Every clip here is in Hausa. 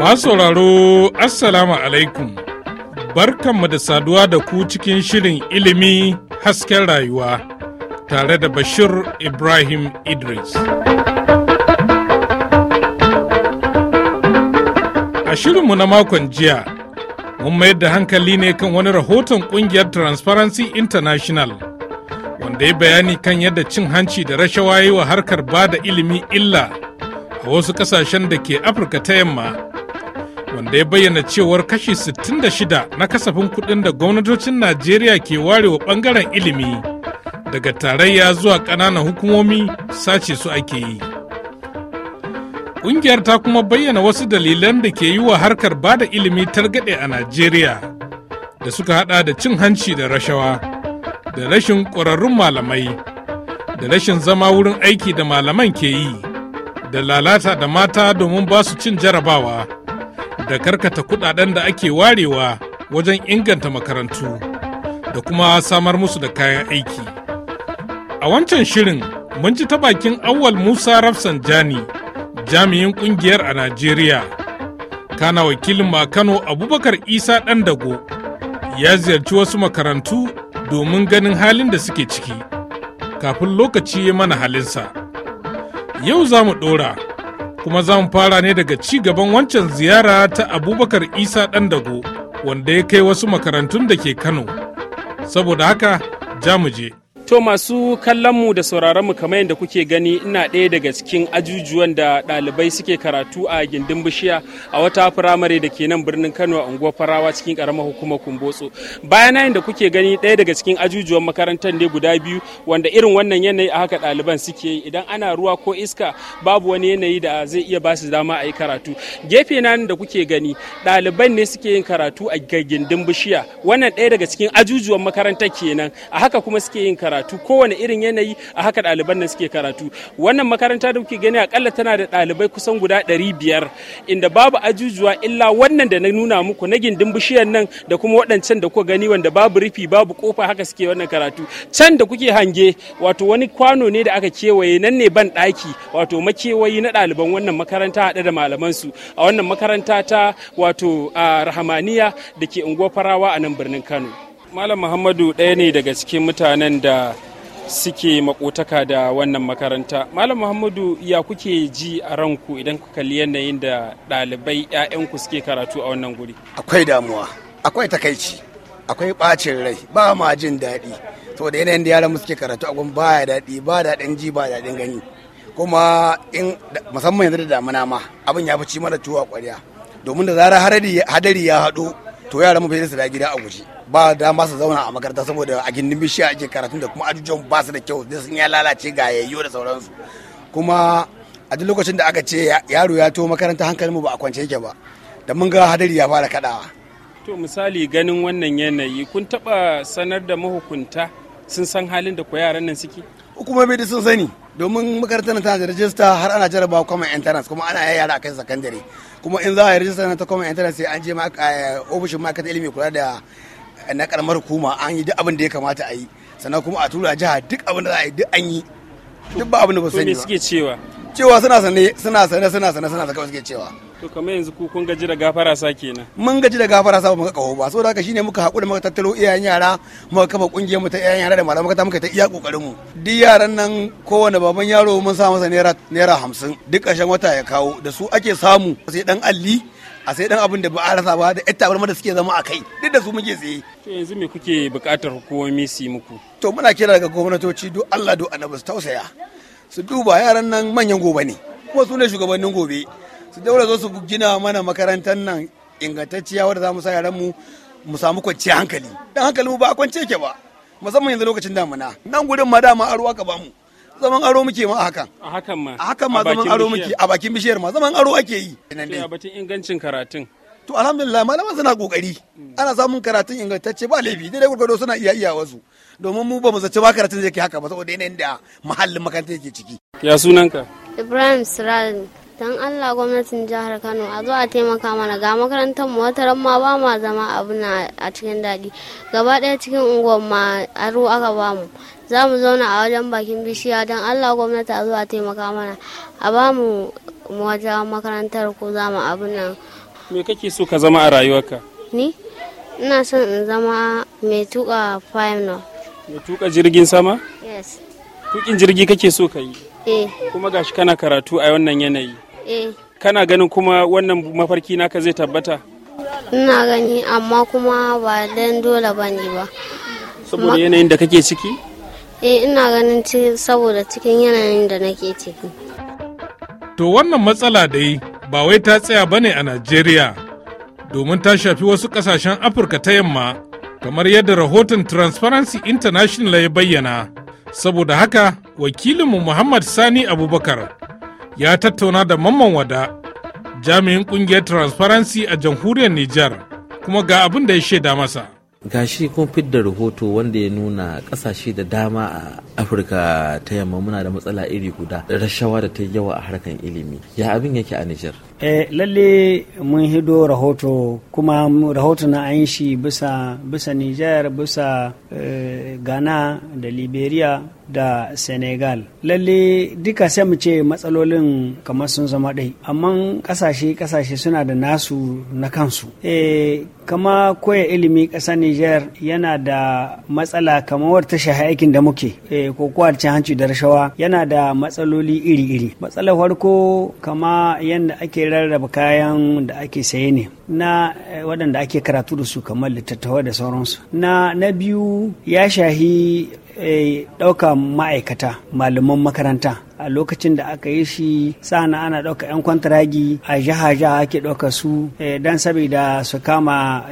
Masu sauraro Assalamu alaikum barkanmu da saduwa da ku cikin shirin ilimi hasken rayuwa tare da Bashir Ibrahim Idris. A shirinmu na makon jiya, mun mayar da hankali ne kan wani rahoton kungiyar Transparency International da ya bayani kan yadda cin hanci da rashawa yi wa harkar ba da ilimi illa a wasu kasashen da ke afirka ta yamma wanda ya bayyana cewar kashi 66 na kasafin kuɗin da gwamnatocin najeriya ke ware wa ɓangaren ilimi daga tarayya zuwa ƙananan hukumomi sace su ake yi ƙungiyar ta kuma bayyana wasu dalilan da ke yi wa harkar ba da ilimi targaɗe a najeriya da suka haɗa da cin hanci da rashawa. da rashin ƙwararrun malamai da rashin zama wurin aiki da malaman ke yi da lalata da mata domin ba su cin jarabawa da karkata kudaden da ake warewa wajen inganta makarantu da kuma samar musu da kayan aiki a wancan shirin mun ji ta bakin awwal musa rafsan jani jami'in ƙungiyar a najeriya kana wakilin ma kano abubakar isa dago ya ziyarci wasu makarantu domin ganin halin da suke ciki kafin lokaci ya mana halinsa yau za mu ɗora kuma za mu fara ne daga ci gaban wancan ziyara ta abubakar isa ɗan dago wanda ya kai wasu makarantun da ke kano saboda haka ja mu je To masu mu da mu kamar yadda kuke gani ina ɗaya daga cikin ajujuwan da ɗalibai suke karatu a gindin bishiya a wata firamare da ke nan birnin Kano a unguwar Farawa cikin ƙaramar hukumar Kumbotso. Bayan nan da kuke gani ɗaya daga cikin ajujuwan makarantar ne guda biyu wanda irin wannan yanayi a haka ɗaliban suke yi idan ana ruwa ko iska babu wani yanayi da zai iya ba su dama a yi karatu. Gefe nan da kuke gani ɗaliban ne suke yin karatu a gindin bishiya wannan ɗaya daga cikin ajujuwan makarantar kenan a haka kuma suke yin karatu. karatu kowane irin yanayi a haka ɗaliban nan suke karatu wannan makaranta da kuke gani akalla tana da ɗalibai kusan guda ɗari biyar inda babu ajujuwa illa wannan da na nuna muku na gindin bishiyar nan da kuma waɗancan da kuka gani wanda babu rufi babu kofa haka suke wannan karatu can da kuke hange wato wani kwano ne da aka kewaye nan ne ban ɗaki wato makewayi na ɗaliban wannan makaranta haɗe da malaman su a wannan makaranta ta wato rahamaniya da ke unguwar farawa a nan birnin kano Malam Muhammadu ɗaya ne daga cikin mutanen da suke makotaka da wannan makaranta. Malam Muhammadu ya kuke ji a ranku idan ku kalli yanayin da ɗalibai 'ya'yanku suke karatu a wannan guri? Akwai damuwa, akwai takaici, akwai ɓacin rai, ba ma jin daɗi. da yanayin da yaran suke karatu a ba ya daɗi, ba daɗin ji, ba daɗin gani. Kuma in musamman yanzu da damuna ma abin ya fi ci mana a ƙwarya. Domin da zarar hadari ya haɗo to yaran mu bai su da gida a guje ba dama su zauna a makaranta saboda a gindin bishiya ake karatu da kuma ajujuwan ba su da kyau da sun ya lalace ga yayyo da sauransu kuma a duk lokacin da aka ce yaro ya to makaranta hankalin mu ba a kwance yake ba da mun ga hadari ya fara kadawa to misali ganin wannan yanayi kun taba sanar da mahukunta sun san halin da ku yaran nan suke hukumomi da sun sani domin makarantar tana da rajista har ana jaraba common entrance kuma ana yaya yara kai sakandare kuma in za a yi rajista na ta common entrance sai an je eh, ofishin ma'aikatar ilimi kula da na karamar hukuma an yi duk abin da ya kamata a yi sannan kuma a tura jiha duk abin da za a yi duk an yi duk ba abin da ba sani ba suke cewa cewa suna sane suna sane suna sane suna sane suke cewa to kamar yanzu ku kun gaji da gafara sa kenan mun gaji da gafara sa ba muka kawo ba saboda haka shine muka hakuri muka tattalo iyayen yara muka kafa kungiyar mu ta iyayen yara da malaman ta muka ta iya kokarin mu duk yaran nan kowane baban yaro mun sa masa naira naira 50 duk ƙarshen wata ya kawo da su ake samu sai dan alli a sai dan abin da ba a rasa ba da ƴan da suke zama a kai duk da su muke tsaye to yanzu me kuke buƙatar hukumomi su muku to muna kira daga gwamnatoci do Allah do annabi su tausaya su duba yaran nan manyan gobe ne kuma su ne shugabannin gobe su daura zo su gina mana makarantar nan ingantacciya wadda za mu sa yaran mu mu samu kwanciyar hankali dan hankalin mu ba a kwance ke ba musamman yanzu lokacin damuna nan gudun ma dama a ruwa ka mu. zaman aro muke ma hakan a hakan ma a hakan ma zaman aro muke a bakin bishiyar ma zaman aro ake yi a batun ingancin karatun to alhamdulillah malaman suna kokari ana samun karatun ingantacce ba laifi dai gurgurdo suna iya iya wasu domin mu ba mu zace ba karatun zai kai haka ba saboda yanayin da muhallin makarantar yake ciki ya sunanka ibrahim sirani don allah gwamnatin jihar kano a zuwa taimaka mana ga makarantar mu ma ba ma zama abu na a cikin daɗi gaba ɗaya cikin unguwar ma aro aka ba mu za mu zauna a wajen bakin bishiya don allah gwamnati a zuwa a taimaka mana a ba mu wajen makarantar ko za mu abu na me kake so ka zama a rayuwarka ni ina son in zama mai tuka final mai tuka jirgin sama yes tukin jirgi kake so ka yi eh kuma gashi kana karatu a wannan yanayi eh kana ganin kuma wannan mafarki naka zai tabbata ina gani amma kuma ba dan dole ne ba saboda yanayin da kake ciki eh ina ganin saboda cikin yanayin da nake ciki to wannan matsala dai ba wai ta tsaya bane a Najeriya domin ta shafi wasu kasashen Afirka ta yamma kamar yadda rahoton Transparency International ya bayyana saboda haka wakilinmu Muhammad Sani Abubakar ya tattauna da mamman wada jami'in kungiyar transparency a jamhuriyar nijar kuma ga abin da ya shaida masa gashi kun fidda rahoto wanda ya nuna kasashe da dama a afirka ta yamma muna da matsala iri guda rashawa da ta yawa a harkan ilimi ya abin yake a nijar Eh, lalle mun hido rahoto kuma rahoto na an shi bisa, bisa Nijar bisa gana eh, Ghana da Liberia da Senegal. Lalle duka sai mu ce matsalolin kamar sun zama ɗai, amma kasashe ƙasashe suna da nasu na kansu. Eh, kama koya ilimi ƙasar Nijar yana da matsala kamar ta shaha aikin da muke, e ko cin hanci da rashawa yana da matsaloli iri-iri. Matsalar farko kama yadda ake rarraba kayan da ake saye ne na eh, waɗanda ake karatu da su kamar littattafa da sauransu na na biyu ya shahi eh, ɗauka ma'aikata malaman makaranta a lokacin da aka yi shi sana ana ɗauka 'yan kwantaragi a jiha-jiha ake ɗauka su eh, don saboda su kama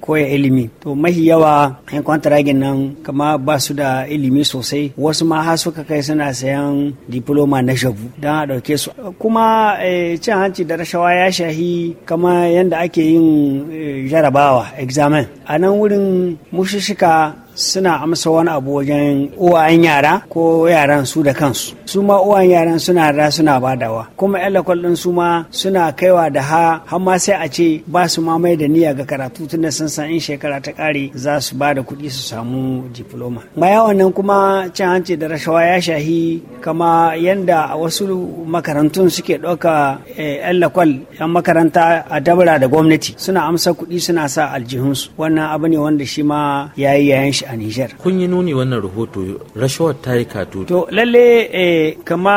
koya ilimi to mahi yawa yan nan kama ba su da ilimi sosai wasu ma har suka kai suna sayan diploma na shabu don a ɗauke su kuma eh, cin hanci da rashawa ya shahi kama yadda ake yin eh, jarabawa examen a nan wurin mushushika suna amsa wani abu wajen uwayen yara ko yaran su da kansu su ma uwayen yaran suna da suna badawa kuma yan lakwal din su ma suna kaiwa da ha har ma sai a ce ba su ma mai da niyya ga karatu tun da sun san in shekara ta kare za su ba da kuɗi su samu diploma baya wannan kuma cin hanci da rashawa ya shahi kama yanda a wasu makarantun suke ɗauka yan eh, lakwal yan makaranta a dabara da gwamnati suna amsa kuɗi suna sa aljihunsu wannan abu ne wanda shi ma ya yi yayan shi a Nijar. Kun yi nuni wannan rahoto rashawar ta yi kato. To lalle eh, kama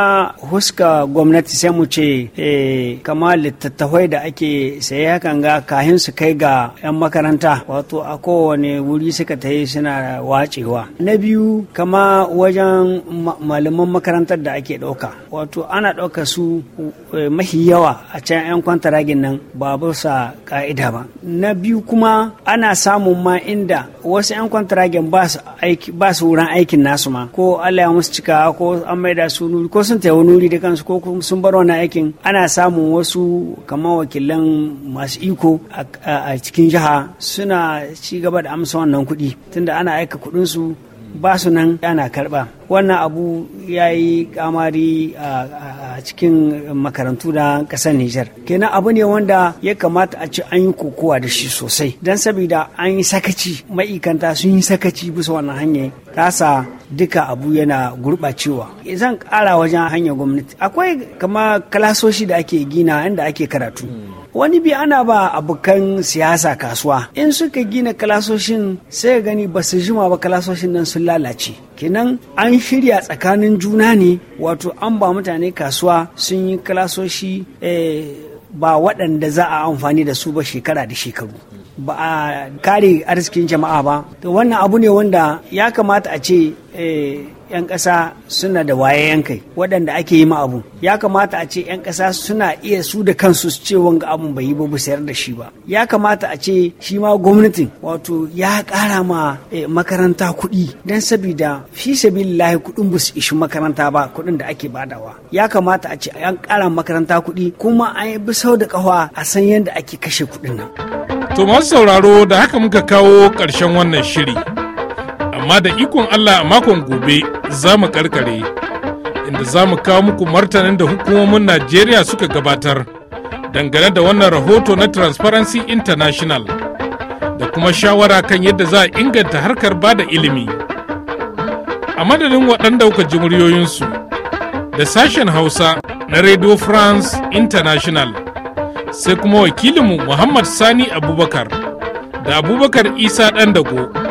huska gwamnati sai mu ce eh, kama littattafai da ake saye hakan ga kahin su kai ga 'yan makaranta wato a kowane wuri suka ta yi suna wacewa. Na biyu kama wajen malaman makarantar da ake ɗauka wato ana ɗauka su eh, mahi yawa a can 'yan kwantaragin nan ba sa ƙa'ida ba. Na biyu kuma ana samun ma inda wasu 'yan kwantaragin idan ba su wurin aikin nasu ma ko Allah ya musu cika ko an maida su nuri ko sun taya nuri da kansu ko sun bar wani aikin ana samun wasu kamar wakilan masu iko a cikin jiha suna ci gaba da amsa wannan kuɗi tunda ana aika kuɗin su ba su nan ana karba wannan abu ya yi kamari a cikin makarantu na ƙasar Nijar. kenan abu ne wanda ya kamata a ci an yi kokowa da shi sosai don saboda an yi sakaci ma'ikanta sun yi sakaci bisa wannan hanyar kasa duka abu yana gurɓacewa zan ƙara wajen hanyar gwamnati akwai kama kalasoshi da ake gina inda ake karatu wani bi ana ba abokan siyasa kasuwa in suka gina kalasoshin sai gani ba su jima ba kalasoshin nan sun lalace kenan an shirya tsakanin juna ne wato an ba mutane kasuwa sun yi kalasoshi eh, ba waɗanda za a amfani da su ba shekara da shekaru ba a kare arzikin jama'a ba to wannan abu ne wanda ya kamata a ce eh, 'yan ƙasa suna da wayayen kai waɗanda ake yi ma abu ya kamata a ce 'yan ƙasa suna iya su da kansu su ce wanga abun bai yi ba sayar da shi ba ya kamata a ce shi ma gwamnatin wato ya ƙara ma eh, makaranta kuɗi don sabida fi sabilillahi kuɗin ba ishi makaranta ba kuɗin da ake badawa ya kamata a ce an ƙara makaranta kuɗi kuma an yi sau da ƙafa a san yadda ake kashe kuɗin nan. To masu sauraro da haka muka kawo ƙarshen wannan shiri. amma da ikon Allah a makon gobe za mu karkare inda za mu kawo muku martanin da hukumomin Najeriya suka gabatar dangane da wannan rahoto na Transparency International da kuma shawara kan yadda za a inganta harkar bada ilimi. A madadin waɗanda kuka ji muryoyinsu da sashen Hausa na Radio France International sai kuma wakilinmu Muhammad Sani Abubakar da Abubakar Isa Ɗandago.